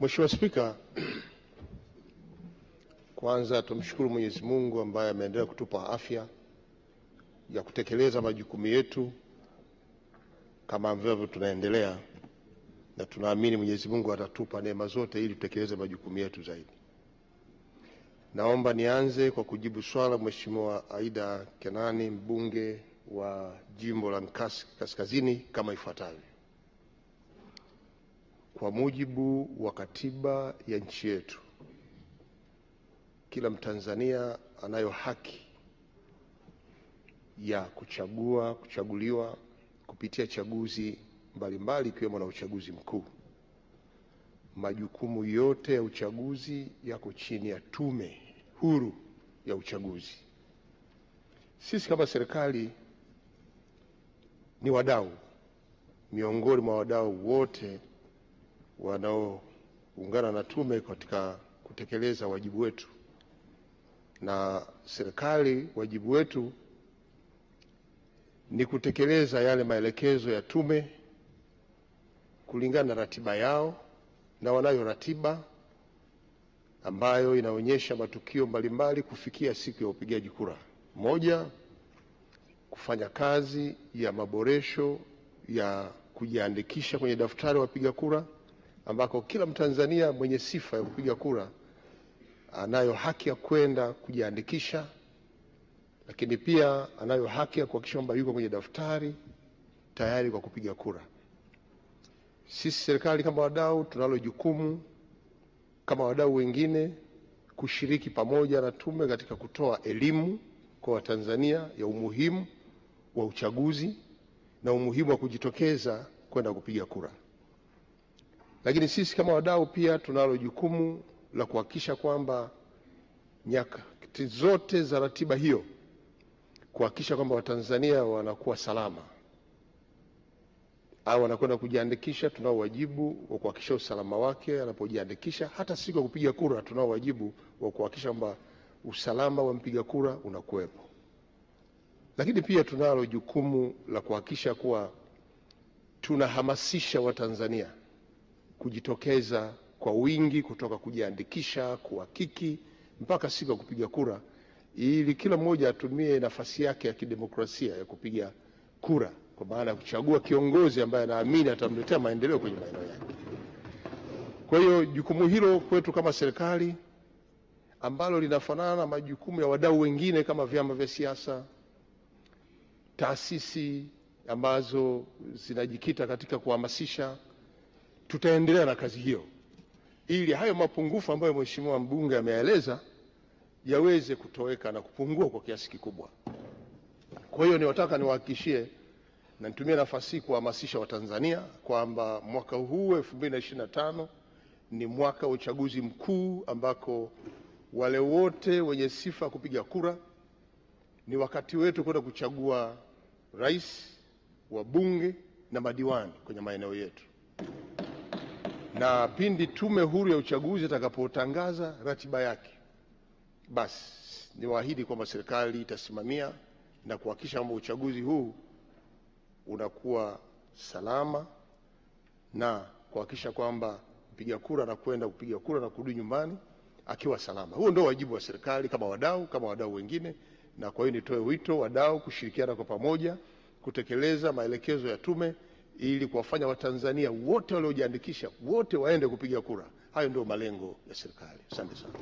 Mheshimiwa Spika, kwanza tumshukuru Mwenyezi Mungu ambaye ameendelea kutupa afya ya kutekeleza majukumu yetu kama ambavyo tunaendelea, na tunaamini Mwenyezi Mungu atatupa neema zote ili tutekeleze majukumu yetu zaidi. Naomba nianze kwa kujibu swala Mheshimiwa Aida Kenani, mbunge wa jimbo la Nkasi Kaskazini, kama ifuatavyo. Kwa mujibu wa katiba ya nchi yetu, kila Mtanzania anayo haki ya kuchagua, kuchaguliwa kupitia chaguzi mbalimbali ikiwemo na uchaguzi mkuu. Majukumu yote ya uchaguzi yako chini ya Tume Huru ya Uchaguzi. Sisi kama serikali ni wadau miongoni mwa wadau wote wanaoungana na tume katika kutekeleza wajibu wetu, na serikali, wajibu wetu ni kutekeleza yale maelekezo ya tume kulingana na ratiba yao, na wanayo ratiba ambayo inaonyesha matukio mbalimbali kufikia siku ya upigaji kura. Moja, kufanya kazi ya maboresho ya kujiandikisha kwenye daftari wapiga kura ambako kila Mtanzania mwenye sifa ya kupiga kura anayo haki ya kwenda kujiandikisha, lakini pia anayo haki ya kuhakikisha kwamba yuko kwenye daftari tayari kwa kupiga kura. Sisi serikali kama wadau tunalo jukumu kama wadau wengine kushiriki pamoja na tume katika kutoa elimu kwa Watanzania ya umuhimu wa uchaguzi na umuhimu wa kujitokeza kwenda kupiga kura. Lakini sisi kama wadau pia tunalo jukumu la kuhakikisha kwamba nyakati zote za ratiba hiyo kuhakikisha kwamba Watanzania wanakuwa salama au wanakwenda kujiandikisha. Tunao wajibu wa kuhakikisha usalama wake anapojiandikisha. Hata siku ya kupiga kura, tunao wajibu wa kuhakikisha kwamba usalama wa mpiga kura unakuwepo. Lakini pia tunalo jukumu la kuhakikisha kuwa tunahamasisha Watanzania kujitokeza kwa wingi kutoka kujiandikisha, kuhakiki mpaka siku ya kupiga kura, ili kila mmoja atumie nafasi yake ya kidemokrasia ya kupiga kura, kwa maana ya kuchagua kiongozi ambaye anaamini atamletea maendeleo kwenye maeneo yake. Kwa hiyo jukumu hilo kwetu kama serikali ambalo linafanana na majukumu ya wadau wengine kama vyama vya siasa, taasisi ambazo zinajikita katika kuhamasisha tutaendelea na kazi hiyo ili hayo mapungufu ambayo mheshimiwa mbunge ameeleza yaweze kutoweka na kupungua kwa kiasi kikubwa. Kwa hiyo niwataka niwahakikishie na nitumie nafasi hii kuwahamasisha Watanzania kwamba mwaka huu 2025 ni mwaka wa uchaguzi mkuu ambako wale wote wenye sifa kupiga kura, ni wakati wetu kwenda kuchagua rais, wabunge na madiwani kwenye maeneo yetu na pindi Tume Huru ya Uchaguzi itakapotangaza ratiba yake, basi niwaahidi kwamba serikali itasimamia na kuhakikisha kwamba uchaguzi huu unakuwa salama na kuhakikisha kwamba mpiga kura anakwenda kupiga kura na kurudi nyumbani akiwa salama. Huo ndio wajibu wa serikali kama wadau, kama wadau wengine, na kwa hiyo nitoe wito wadau kushirikiana kwa pamoja kutekeleza maelekezo ya tume ili kuwafanya Watanzania wote waliojiandikisha wote waende kupiga kura. Hayo ndio malengo ya serikali. Asante sana.